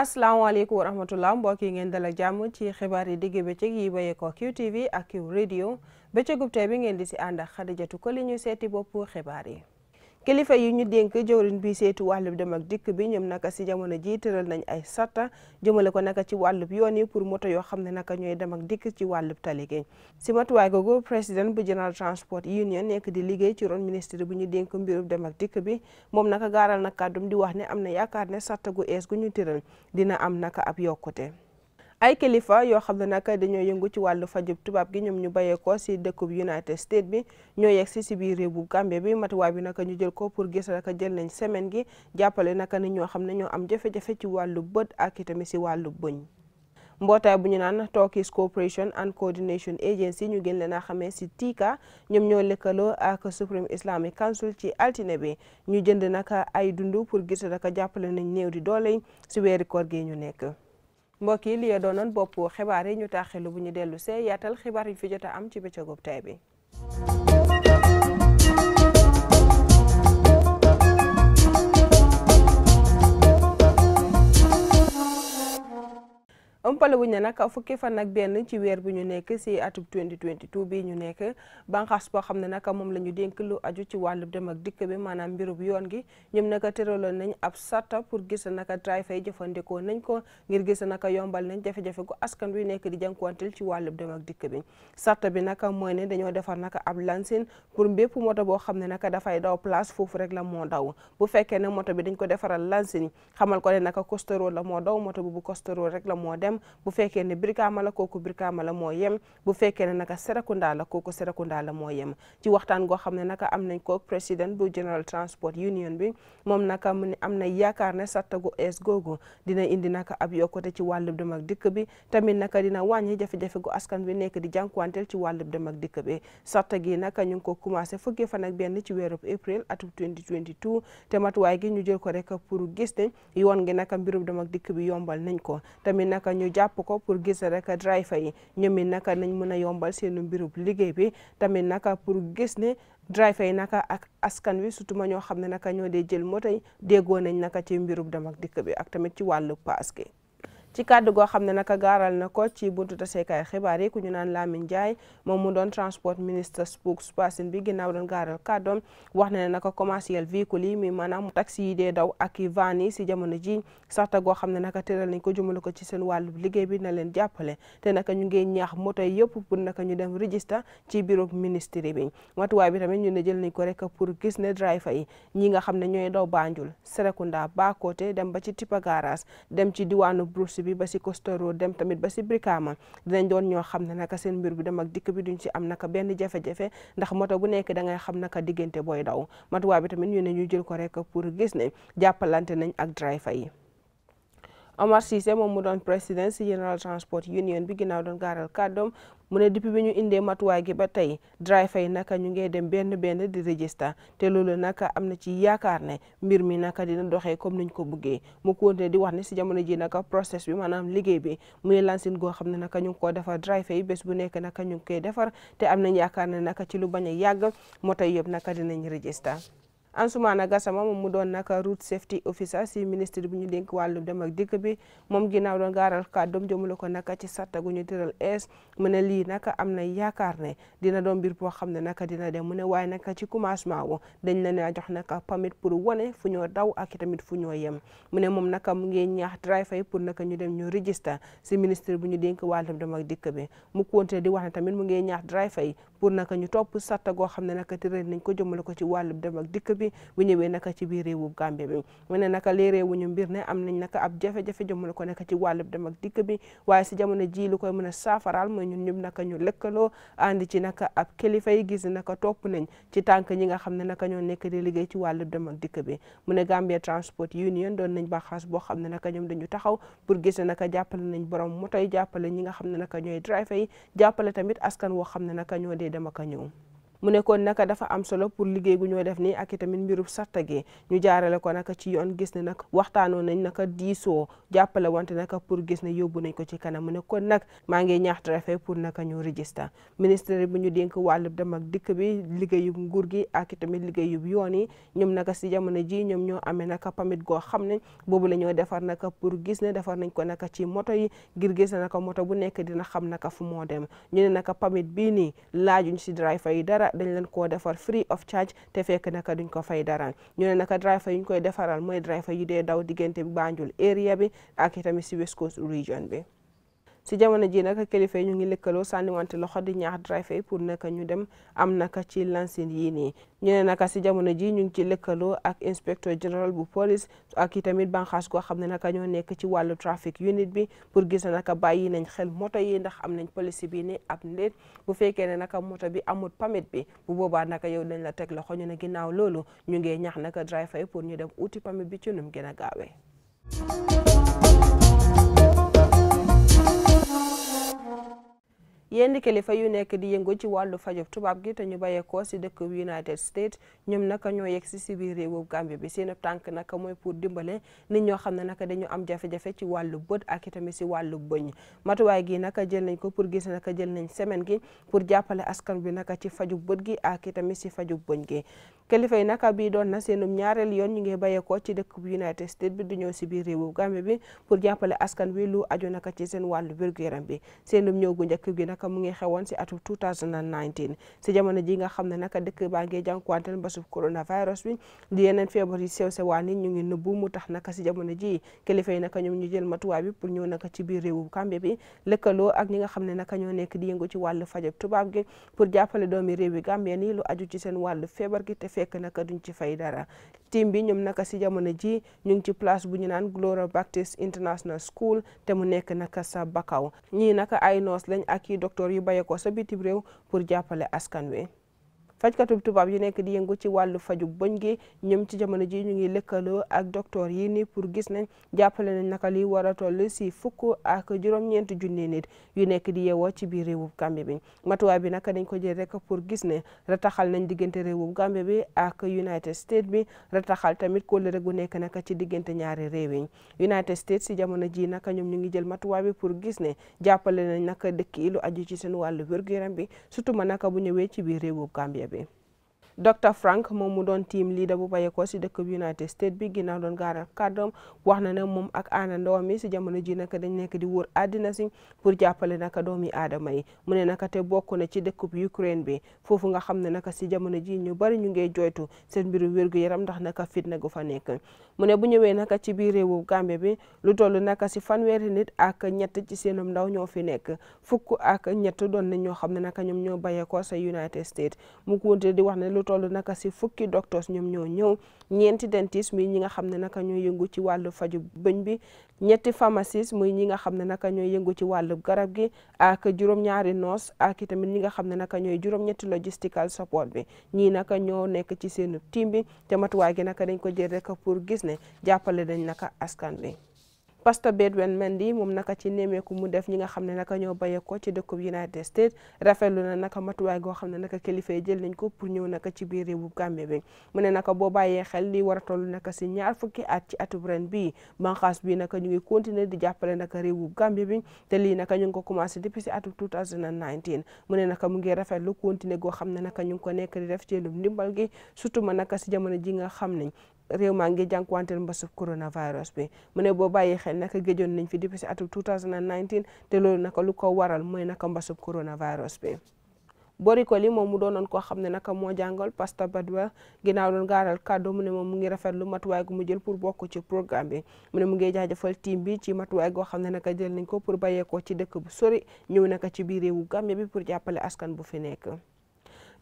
asalaamaaleykum wa rahmatullah mbokk yi ngeen dala jàmm ci xibaar yi digg bëccëg yi bayeekoo QTV ak Q radio bëccëgub tey bi ngeen di si ànd ak Xadijatu Koli ñu seeti boppu xibaar yi kilifa yi ñu dénk jëwriñ bi seetu wàllub dem ak dikk bi ñoom naka si jamono ji tëral nañ ay sarta jëmale ko naka ci wàllub yoon yi pour moto yoo xam ne naka ñooy dem ak dikk ci wàllub tali gi si matuwaay googu président bu General Transport Union nekk di liggéey ci ron ministre bu ñu dénk mbirub dem ak dikk bi moom naka gaaral na kàddum di wax ne am na yaakaar ne sarta gu es gu ñu tëral dina am naka ab yokkute ay kilifa yoo xam ne nag dañoo yëngu ci wàllu fajub tubaab gi ñoom ñu bayee bàyyeekoo si dëkku United States bi ñoo yegg si si biir réew bu Gambie bi matuwaay bi nag ñu jël ko pour gis nag jël nañ semaine gi jàppale nag ni ñoo xam ne ñoo am jafe-jafe ci wàllu bët ak itamit si wàllu bëñ. mbootaay bu ñu naan Turkish Cooperation and Coordination Agency ñu gën leen a xamee si TICA ñoom ñoo lëkkaloo ak Supreme Islamic Council ci altine bi ñu jënd nag ay dund pour gis nag jàppale nañ néew di doole si weeri koor gi ñu nekk. mbokk yi liye doonoon bopp xibaar yi ñu taxilu bu ñu dellu see yatal xibaar yi fi jot a am ci bëccëgub tey bi ëmpale wuñ ne nag fukki fan ak benn ci weer bu ñu nekk si atub 2022 bi ñu nekk banqaas boo xam ne nag moom la ñu dénk lu aju ci wàllu dem ak dikk bi maanaam mbirub yoon gi ñoom naka tëraloon nañ ab sata pour gis naka driver yi jëfandikoo nañ ko ngir gis naka yombal nañ jafe-jafe gu askan wi nekk di jànkuwanteel ci wàllu dem ak dikk bi sata bi naka mooy ne dañoo defar naka ab lansin pour bépp moto boo xam ne naka dafay daw place foofu rek la moo daw bu fekkee ne moto bi dañ ko defaral lansin xamal ko ne naka costero la moo daw moto bi bu rek la yem bu fekkee ne Brikama la ko Brikama la moo yem bu fekkee ne naka Serekunda la kooku Serekunda la moo yem ci waxtaan goo xam ne naka am nañ ko président bu General Transport Union bi moom naka mu am na yaakaar ne sattagu es googu dina indi naka ab yokkute ci wàllub dem dikk bi tamit naka dina wàññi jafe-jafe gu askan bi nekk di jànkuwanteel ci wàllub dem ak dikk bi satta gi naka ñu ngi ko commencé fukki fa ak benn ci weerub april atum 2022 te matuwaay gi ñu jël ko rek pour gis ne yoon gi naka mbirub dem ak dikk bi yombal nañ ko ñu jàpp ko pour gis rek driver yi ñoom it naka nañ mën a yombal seenu mbirub liggéey bi tamit naka pour gis ne driver yi naka ak askan wi surtout ma ñoo xam ne naka ñoo dee jël moto yi déggoo nañ naka ci mbirub dem ak dikk bi ak tamit ci wàllu paas gi ci kàddu goo xam ne naka gaaral na ko ci buntu taseekaay xibaar yi ku ñu naan Lamine Ndiaye moom mu doon transport ministre spokesperson bi ginnaaw doon gaaral kàddoom wax na ne naka commercial véhicule yi muy maanaam taxi yi dee daw ak i van yi si jamono ji saxta goo xam ne naka tëral nañ ko jëmale ko ci seen wàllu liggéey bi na leen jàppale te naka ñu ngi ñaax moto yëpp pour naka ñu dem registre ci bureau ministère bi matuwaay bi tamit ñu ne jël nañ ko rek pour gis ne driver yi ñi xam ne ñooy daw ba ci Tipa garage dem ci diwaanu Brussi bi ba si Costoro dem tamit ba si Brikama dinañ doon ñoo xam ne naka seen mbir bi dem ak dikk bi duñ si am naka benn jafe-jafe ndax moto bu nekk da ngay xam naka diggante booy daw matuwaa bi tamit ñu ne ñu jël ko rek pour gis ne jàppalante nañ ak driver yi Omar Cissé moom mu doon président si General Transport Union bi ginnaaw doon gaaral kàddoom mu ne depuis bi ñu indee matuwaay gi ba tey driver yi naka ñu ngey dem benn benn di register te loolu naka am na ci yaakaar ne mbir mi naka dina doxee comme niñ ko buggee mu continué di wax ne si jamono ji naka process bi maanaam liggéey bi muy lansin goo xam ne naka ñu ngi koo defar driver yi bés bu nekk naka ñu ngi koy defar te am nañ yaakaar ne naka ci lu bañ a yàgg moo tax yëpp naka dinañ register Ansoumana Gassama moom mu doon nag route safety officer si ministre bu ñu dénk wàllum dem ak dikk bi moom ginnaaw doon gaaral kàddoom jëmale ko nag ci sarta gu ñu tëral es mu ne lii nag am na yaakaar ne dina doon mbir boo xam ne nag dina dem mu ne waaye nag ci commencement wo dañ la ne jox nag permit pour wane fu ñoo daw ak tamit fu ñoo yem mu ne moom nag mu ngi ñaax driver yi pour nag ñu dem ñu register si ministre bu ñu dénk wàllum dem ak dikk bi mu continué di wax ne tamit mu ngi ñaax driver yi pour nag ñu topp sarta goo xam ne nag nañ ko jëmale ko ci wàllum dem ak bi bi bu ñëwee naka ci biir réewu Gambie bi mu ne naka léeree wuñu mbir ne am nañ naka ab jafe-jafe jëmale ko nekk ci wàllub dem ak dikk bi waaye si jamono ji lu koy mën a saafaraal mooy ñun ñëpp naka ñu lëkkaloo ànd ci naka ab kilifa yi gis naka top nañ ci tànk ñi nga xam ne naka ñoo nekk di liggéey ci wàllub dem dikk bi mu ne Gambia Transport Union doon nañ baaxaas boo xam ne naka ñoom dañu taxaw pour gis ne naka nañ borom moto yi jàppale ñi nga xam ne naka ñooy driver yi jàppale tamit askan woo xam ne naka ñoo de dem ak a ñëw mu ne kon naka dafa am solo pour liggéey gu ñoo def nii ak itamit mbirub sarta gi ñu jaarale ko naka ci yoon gis ne nag waxtaanoo nañ naka diisoo jàppale wante naka pour gis ne yóbbu nañ ko ci kanam mu ne kon nag maa ngi ñaax préfet pour naka ñu registre ministre bi ñu dénk wàllub dem ak dikk bi liggéeyub nguur gi ak itamit liggéeyub yoon yi ñoom naka si jamono ji ñoom ñoo amee naka pamit goo xam ne boobu la ñoo defar naka pour gis ne defar nañ ko naka ci moto yi ngir gis ne naka moto bu nekk dina xam naka fu moo dem ñu ne naka pamit bii nii laajuñ si driver yi dara dara dañ leen koo defar free of charge te fekk naka duñ ko fay daran ñu ne naka driver yuñ koy defaral mooy driver yu dee daw diggante bi Banjul area bi ak itamit si West Coast region bi ci jamono ji nag kilifa yi ñu ngi lëkkaloo sànniwante loxo di ñaax driver pour naka ñu dem am naka ci lansin yii nii ñu ne naka si jamono ji ñu ngi ci lëkkaloo ak inspecteur général bu police ak itamit banqaas goo xam ne naka ñoo nekk ci wàllu trafic unit bi pour gis na naka bàyyi nañ xel moto yi ndax am nañ police bi ni ab ndéet bu fekkee ne naka moto bi amul pamit bi bu boobaa naka yow dañ la teg loxo ñu ne ginnaaw loolu ñu ngi ñaax naka driver yi pour ñu dem uti pamit bi ci num gën a gaawee yenn kilifa yu nekk di yëngu ci wàllu fajo tubaab gi te ñu bàyyeekoo si dëkk United States ñoom naka ñoo yegg si si biir réewu Gambie bi seen tànk naka mooy pour dimbale nit ñoo xam ne naka dañu am jafe ci wàllu bët ak itamit si wàllu bëñ matuwaay gi naka jël nañ ko pour gis naka jël nañ semaine gi pour jàppale askan bi naka ci fajub bët gi ak itamit si fajub bëñ gi kilifa yi naka bii doon na seenum ñaareel yoon ñu ngi bàyyeekoo ci dëkk United States bi du ñëw si biir réewu Gambie bi pour jàppale askan wi lu aju naka ci seen wàllu wér-gu-yaram bi seenum ñëw gu njëkk gi naka naka mu ngi xewoon si atu 2019 si jamono ji nga xam ne naka dëkk baa ngi jànkuwanteel mbasub coronavirus bi di yeneen feebar yi sew sewaan yi ñu ngi nëbbu mu tax naka si jamono ji kilifa yi naka ñoom ñu jël matuwaay bi pour ñëw naka ci biir réewu Gambie bi lëkkaloo ak ñi nga xam ne naka ñoo nekk di yëngu ci wàllu fajab tubaab gi pour jàppale doomi réewi Gambie nii lu aju ci seen wàllu feebar gi te fekk naka duñ ci fay dara team bi ñoom naka si jamono ji ñu ngi ci place bu ñu naan Gloria Baptist International School te mu nekk naka sa Bakau ñii naka ay noos lañ ak i docteur yu bàyyeekoo sa bitim réew pour jàppale askan wi. fajkatub tubaab yi nekk di yëngu ci wàllu fajub bëñ gi ñoom ci jamono ji ñu ngi lëkkaloo ak docteur yi ni pour gis nañ jàppale nañ naka li war a toll si fukk ak juróom-ñeent junni nit yu nekk di yeewoo ci biir réewub Gambie bi matuwaay bi naka dañ ko jël rek pour gis ne rataxal nañ diggante réewub Gambie bi ak United States bi rataxal tamit kóllëre gu nekk naka ci diggante ñaari réew yi United States si jamono ji naka ñoom ñu ngi jël matuwaay bi pour gis ne jàppale nañ naka dëkk yi lu aju ci seen wàllu wér-gu-yaram bi surtout ma naka bu ñëwee ci biir réewub Gambie siebie. Dr Frank moom mu doon team leader bu bàyyeekoo si dëkk bi United States bi ginnaaw doon gaaral kàddoom wax na ne moom ak aana ndoom yi si jamono ji naka dañ nekk di wër àddina si pour jàppale naka doomi aadama yi mune ne naka te bokk na ci dëkkub Ukraine bi foofu nga xam ne naka si jamono ji ñu bari ñu ngey joytu seen mbiru wérgu yaram ndax naka fitna gu fa nekk mu ne bu ñëwee naka ci biir réewu Gambie bi lu toll naka si fanweeri nit ak ñett ci seenum ndaw ñoo fi nekk fukk ak ñett doon nañ ñoo xam ne naka ñoom ñoo bàyyeekoo United States mu ko wonte di wax toll naka si fukki doctors ñoom ñoo ñëw ñeenti dentiste muy ñi nga xam ne naka ñoo yëngu ci wàllu faju bëñ bi ñetti pharmaciste muy ñi nga xam ne naka ñooy yëngu ci wàllu garab gi ak juróom-ñaari nurse ak itamit ñi nga xam ne naka ñooy juróom-ñetti logistical support bi ñii naka ñoo nekk ci seenu timbi bi te matuwaay gi naka dañ ko jël rek pour gis ne jàppale dañ naka askan bi Pastor Bedwen Mendy moom naka ci nemmeeku mu def ñi nga xam ne naka ñoo bayee ko ci dëkkub United States rafetlu na naka matuwaay goo xam ne naka kilifa yi jël nañ ko pour ñëw naka ci biir réewu Gambie bi mu ne naka boo bàyyee xel li war a toll naka si ñaar fukki at ci atub ren bi banqaas bi naka ñu ngi continuer di jàppale naka réewu Gambie bi te lii naka ñu ngi ko commencé depuis si atub 2019 mu ne naka mu ngi rafetlu continuer goo xam ne naka ñu ngi ko nekk di def ci lu ndimbal gi surtout ma naka si jamono ji xam ne réew maa ngi jànkuwanteel mbasub coronavirus bi mu ne boo bàyyi xel naka gejoon nañ fi depuis si atum 2019 te loolu naka lu ko waral mooy naka mbasub coronavirus bi li moom mu doonoon koo xam ne naka moo jàngal Pastor Badwa ginnaaw doon gaaral kàddu mu ne moom mu ngi rafetlu matuwaay gu mu jël pour bokk ci programme bi mu ne mu ngi jaajëfal team bi ci matuwaay goo xam ne naka jël nañ ko pour bàyyeekoo ci dëkk bu sori ñëw naka ci biir réewu Gambie bi pour jàppale askan bu fi nekk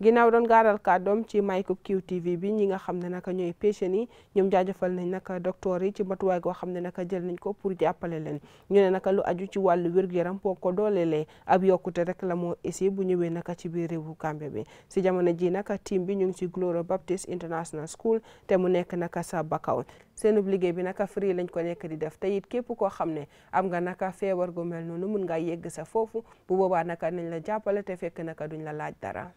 ginnaaw doon gaaral kàddoom ci Mycube QTV bi ñi nga xam ne naka ñooy patient yi ñoom jaajëfal nañ naka docteur yi ci matuwaay goo xam ne naka jël nañ ko pour jàppale leen ñu ne naka lu aju ci wàllu wér-gu-yaram boo ko doolelee ab yokkute rek la moo isi bu ñëwee naka ci biir réewu Gambie bi si jamono ji naka team bi ñu ngi si Glora Baptist International School te mu nekk naka sa Bakau seenub liggéey bi naka free lañ ko nekk di def te it képp koo xam ne am ga naka feebar go mel noonu mun nga yegg sa foofu bu boobaa naka nañ la jàppale te fekk naka duñ la laaj dara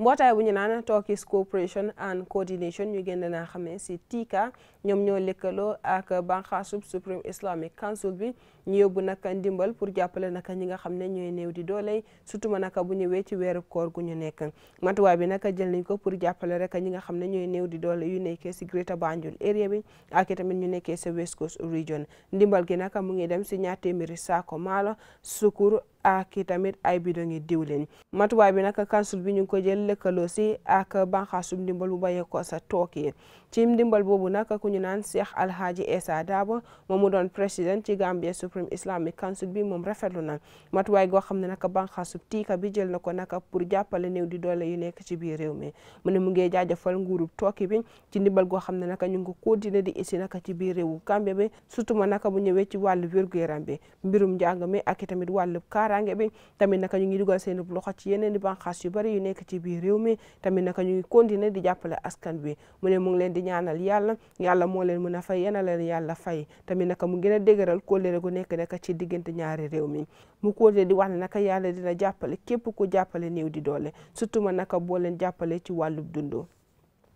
mbootaay bu ñu naan Turkish Cooperation and Coordination ñu gën naa xamee si TICA ñoom ñoo lëkkaloo ak banxaasub Supreme Islamic Council bi ñu bu nag dimbal pour jàppale nag ñi nga xam ne ñooy néew di doole surtout ma nag bu ñëwee ci weeru koor gu ñu nekk matuwaay bi nag jël nañ ko pour jàppale rek ñi nga xam ne ñooy new di doole yu nekkee si Greater Banjul area bi ak itamit ñu nekkee sa West Coast region ndimbal gi nag mu ngi dem si ñaar téeméeri saako maalo sukur ak itamit ay bidon yi diwlin matuwaay bi nag council bi ñu ngi ko jël lëkkaloo si ak banxaasu ndimbal bu ko sa took yi dimbal ndimbal boobu nag ku ñu naan Cheikh Alhaji Essa Dabo moom doon président ci Gambia supreme islamic council bi moom rafetlu na matuwaay goo xam ne naka banxaasub tiika bi jël na ko naka pour jàppale néew di doole yu nekk ci biir réew mi mu ne mu ngee jaajëfal nguurub tooki bi ci ndimbal goo xam ne naka ñu ngi ko continuer di isi naka ci biir réewu Gambie bi surtout ma naka bu ñëwee ci wàllu wér-gu-yaram bi mbirum njàng mi ak itamit wàllu kaaraange bi tamit naka ñu ngi dugal seen loxo ci yeneen di banxaas yu bari yu nekk ci biir réew mi tamit naka ñu ngi di jàppale askan bi mu ne mu ngi leen di ñaanal yàlla yàlla moo leen mën a fay yena leen yàlla fay tamit naka mu gën a dégëral kóllëre gu nekk naka ci diggante ñaari réew mi mu kóote di wax naka yàlla dina jàppale képp ku jàppale néew di doole surtout ma naka boo leen jàppale ci wàllub dundoo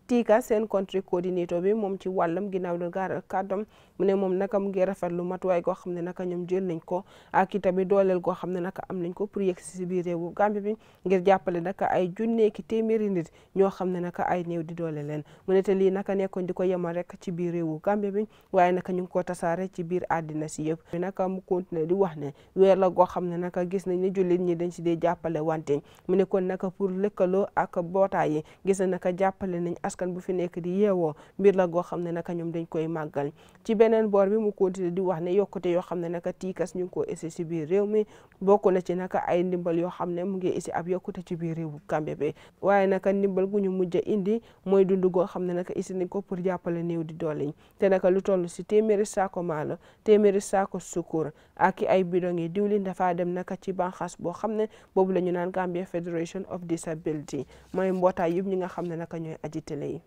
tiika seen country coordinator bi moom ci wàllam ginnaaw lu gaar kàddoom mu ne moom naka mu ngi rafetlu matuwaay goo xam ne naka ñoom jël nañ ko ak bi dooleel goo xam ne naka am nañ ko pour yegg si biir réewu Gambie bi ngir jàppale naka ay junne ki téeméeri nit ñoo xam ne naka ay néew di doole leen mu ne te lii naka nekkoon di ko yemal rek ci biir réewu Gambie bi waaye naka ñu ngi ko tasaare ci biir àddina si yëpp naka mu continué di wax ne weer la goo xam ne naka gis nañ ne jullit ñi dañ si dee jàppale wante mu ne kon naka pour lëkkaloo ak bootaay yi gis na naka jàppale nañ askan bu fi nekk di yeewoo mbir la goo xam ne naka ñoom dañ koy màggal ci beneen boor bi mu continué di wax ne yokkute yoo xam ne naka tiikas ñu ko koo isi si biir réew mi bokk na ci naka ay ndimbal yoo xam ne mu ngi isi ab yokkute ci biir réew bu Gambie bi waaye naka ndimbal gu ñu mujj indi mooy dund goo xam ne naka isi nañ ko pour jàppale néew di doole te naka lu toll si téeméeri saako maalo téeméeri saako sukur ak i ay bidon yi diwlin dafaa dem naka ci banxaas boo xam ne boobu la ñu naan Gambia Federation of Disability mooy mbootaay yëpp ñi nga ne naka community.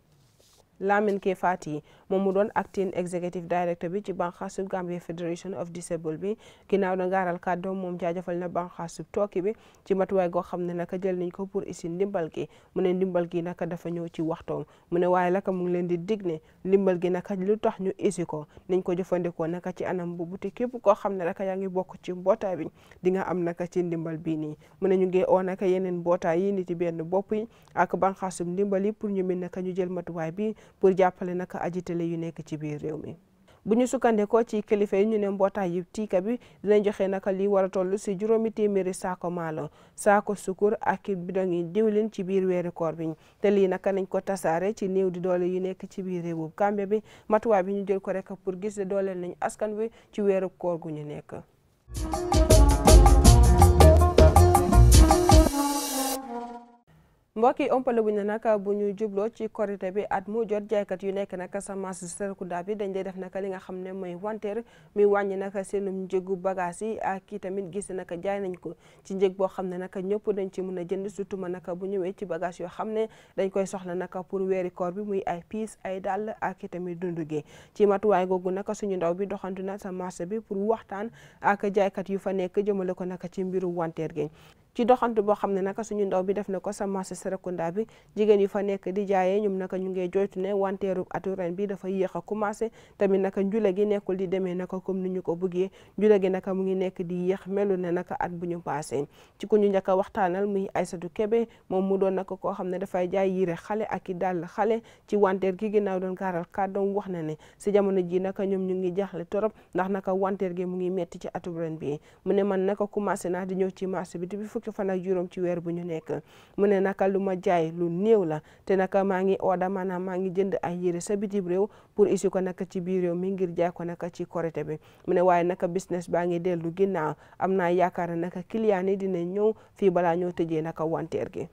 Lamin K Faty moom mu doon acting executive director bi ci banxaasub Gambia Federation of Disabled bi ginnaaw na gaaral kàddoom moom jaajëfal na banxaasub tooki bi ci matuwaay goo xam ne naka jël nañ ko pour isin ndimbal gi mu ne ndimbal gi naka dafa ñëw ci waxtoom mu ne waaye laka mu ngi leen di dig ndimbal gi naka lu tax ñu isi ko nañ ko jëfandikoo naka ci anam bu buti képp koo xam ne raka yaa ngi bokk ci mbootaay bi di nga am naka ci ndimbal bii nii mu ne ñu ngi naka yeneen mbootaay yi ni yi benn bopp yi ak banxaasub ndimbal yi pour ñu min naka ñu jël matuwaay bi pour jàppale naka aji télé yu nekk ci biir réew mi bu ñu sukkandikoo ci kilifa yi ñu ne mbootaay yi tiika bi dinañ joxe naka li war a toll si juróomi téeméeri saako maalo saako sukur ak bidon yi diwlin ci biir weeri koor bi te lii naka nañ ko tasaare ci néew di doole yu nekk ci biir réewub Gambie bi matuwaay bi ñu jël ko rek pour gis dooleel nañ askan wi ci weeru koor gu ñu nekk mbokk yi ëmpale wuñ ne nag bu ñu jubloo ci korité bi at mu jot jaaykat yu nekk nag semence Serekunda bi dañ lay def nag li nga xam ne mooy wanteer mi wàññi nag seenum njëgu bagage yi ak i tamit gis nag jaay nañ ko ci njëg boo xam ne nag ñëpp dañ ci mën a jënd surtout ma nag bu ñëwee ci bagage yoo xam ne dañ koy soxla nag pour weeri koor bi muy ay piis ay dàll ak i dundu gi ci matuwaay googu nag suñu ndaw bi doxantu na sa marché bi pour waxtaan ak jaaykat yu fa nekk jëmale ko nag ci mbiru wanteer gi ci doxantu boo xam ne naka suñu ndaw bi def na ko sa marché Serekunda bi jigéen yu fa nekk di jaayee ñoom naka ñu ngey joytu ne wanteeru atu ren bi dafa yéex a commencé tamit naka njula gi nekkul di demee naka comme nu ñu ko bëggee njula gi naka mu ngi nekk di yéex melu ne naka at bu ñu passé ci ku ñu njëkk a waxtaanal muy Aysatu Kebe moom mu doon naka koo xam ne dafay jaay yire xale ak i dàll xale ci wanteer gi ginnaaw doon gaaral kàddoom wax na ne si jamono ji naka ñoom ñu ngi jaxle torop ndax naka wanteer gi mu ngi metti ci atu bi mu ne man ñëw ci marché fukki fan juróom ci weer bu ñu nekk mu ne naka lu ma jaay lu néew la te naka maa ngi oda maanaam maa ngi jënd ay yére sa bitim réew pour isi ko naka ci biir réew mi ngir jaay ko naka ci korite bi mu ne waaye naka business baa ngi dellu ginnaaw am naa yaakaar naka client yi dina ñëw fii balaa ñoo tëjee naka wanteer gi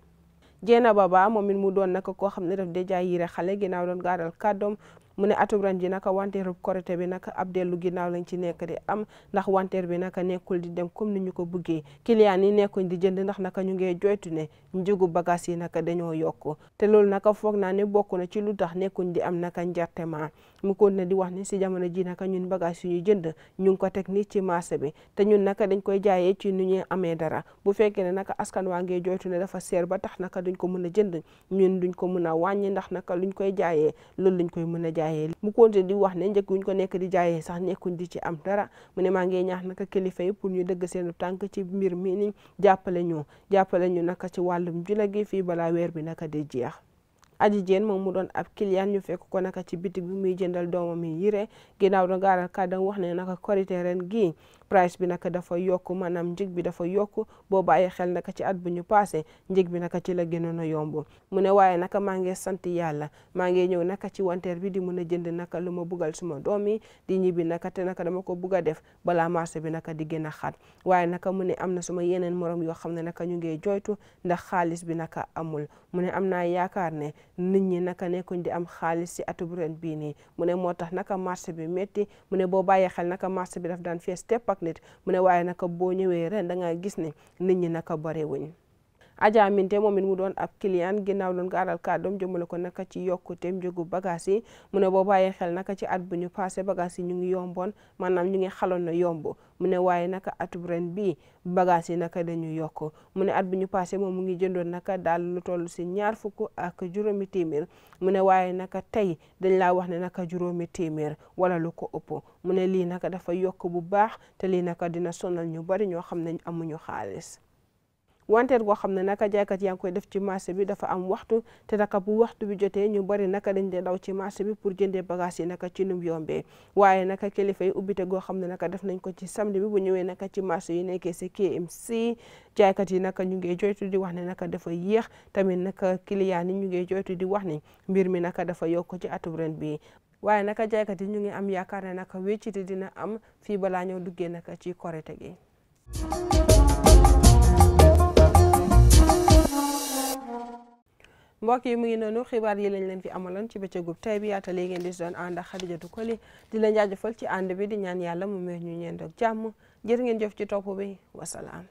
Jeena Baba moom min mu doon naka koo xam ne daf dee jaay yére xale ginnaaw doon gaaral kàddoom mu ne atub ren ji naka wanteerub korité bi naka ab dellu ginnaaw lañ ci nekk di am ndax wanteer bi naka nekkul di dem comme nu ñu ko bëggee client yi nekkuñ di jënd ndax naka ñu ngee joytu ne njëgu bagage yi naka dañoo yokk te loolu naka foog naa ne bokk na ci lu tax nekkuñ di am naka njartema mu kon ne di wax ni si jamono ji naka ñun bagage yu ñu jënd ñu ngi ko teg ni ci marché bi te ñun naka dañ koy jaayee ci nu ñuy amee dara bu fekkee ne naka askan waa ngee joytu ne dafa seer ba tax naka duñ ko mën a jënd ñun duñ ko mën a wàññi ndax naka luñ koy jaayee loolu lañ koy mën a jaayee mu konte di wax ne njëkk wuñ ko nekk di jaayee sax nekkuñ di ci am dara mu ne maa ngi ñaax naka kilifa yi pour ñu dëgg seen tànk ci mbir mi ni jàppale ñu jàppale ñu naka ci wàllum jula gi fii balaa weer bi naka di jeex aji jeen moom mu doon ab client ñu fekk ko naka ci bitig bi muy jëndal doomam yi yire ginnaaw da gaaral kàddam wax ne naka korite ren gii price bi naka dafa yokk maanaam njëg bi dafa yokk boo bàyyi xel naka ci at bu ñu passé njëg bi naka ci la gënoon a yomb mu ne waaye naka maa ngi sant yàlla maa ngi ñëw naka ci wanteer bi di mun a jënd naka lu ma bugal suma doom yi di ñibbi naka te naka dama ko bugg a def balaa marché bi naka di gën a xat waaye naka mu ne am na suma yeneen morom yoo xam ne naka ñu ngi joytu ndax xaalis bi naka amul mu nit ñi naka nekkuñ di am xaalis si atub ren bii nii mu ne moo tax naka marché bi métti mu ne boo bàyyee xel naka marché bi daf daan fees tepp ak nit mu ne waaye naka boo ñëwee ren da nga gis ne nit ñi naka bare wuñ Adja Minte moom it mu doon ab client ginnaaw loon ko aral kàddoom jëmale ko naka ci yokkuteem jógu bagaas yi mu ne boo bàyyee xel naka ci at bu ñu passé bagaas yi ñu ngi yomboon maanaam ñu ngi xaloon na yomb mu ne waaye naka atub ren bii bagaas yi naka dañu yokk mu ne at bu ñu passé moom mu ngi jëndoon naka daal lu toll si ñaar fukk ak juróomi téeméer mu ne waaye naka tey dañ laa wax ne naka juróomi téeméer wala lu ko ëpp mu ne lii naka dafa yokk bu baax te lii naka dina sonal ñu bari ñoo xam ne amuñu xaalis wanteer goo xam ne naka jaaykat yaa ngi koy def ci marché bi dafa am waxtu te naka bu waxtu bi jotee ñu bari naka dañ dee daw ci marché bi pour jëndee bagage yi naka ci num yombee waaye naka kilifa yi ubbite goo xam ne naka def nañ ko ci samedi bi bu ñëwee naka ci marché yi nekkee si KMC jaaykat yi naka ñu ngi joytu di wax ne naka dafa yéex tamit naka kiliyaan yi ñu ngi joytu di wax ni mbir mi naka dafa yokk ci atum ren bi waaye naka jaaykat yi ñu ngi am yaakaar ne naka wéccite dina am fii balaa ñoo duggee naka ci korite gi mbokk yi mu ngi noonu xibaar yi lañ leen fi amaloon ci bëccëgub tey bi yaata léegi ngeen di doon ànd ak Xadijatu Koli di la jaajëfal ci ànd bi di ñaan yàlla mu may ñu ñeen doog jàmm jërë ngeen jëf ci topp bi wasalaam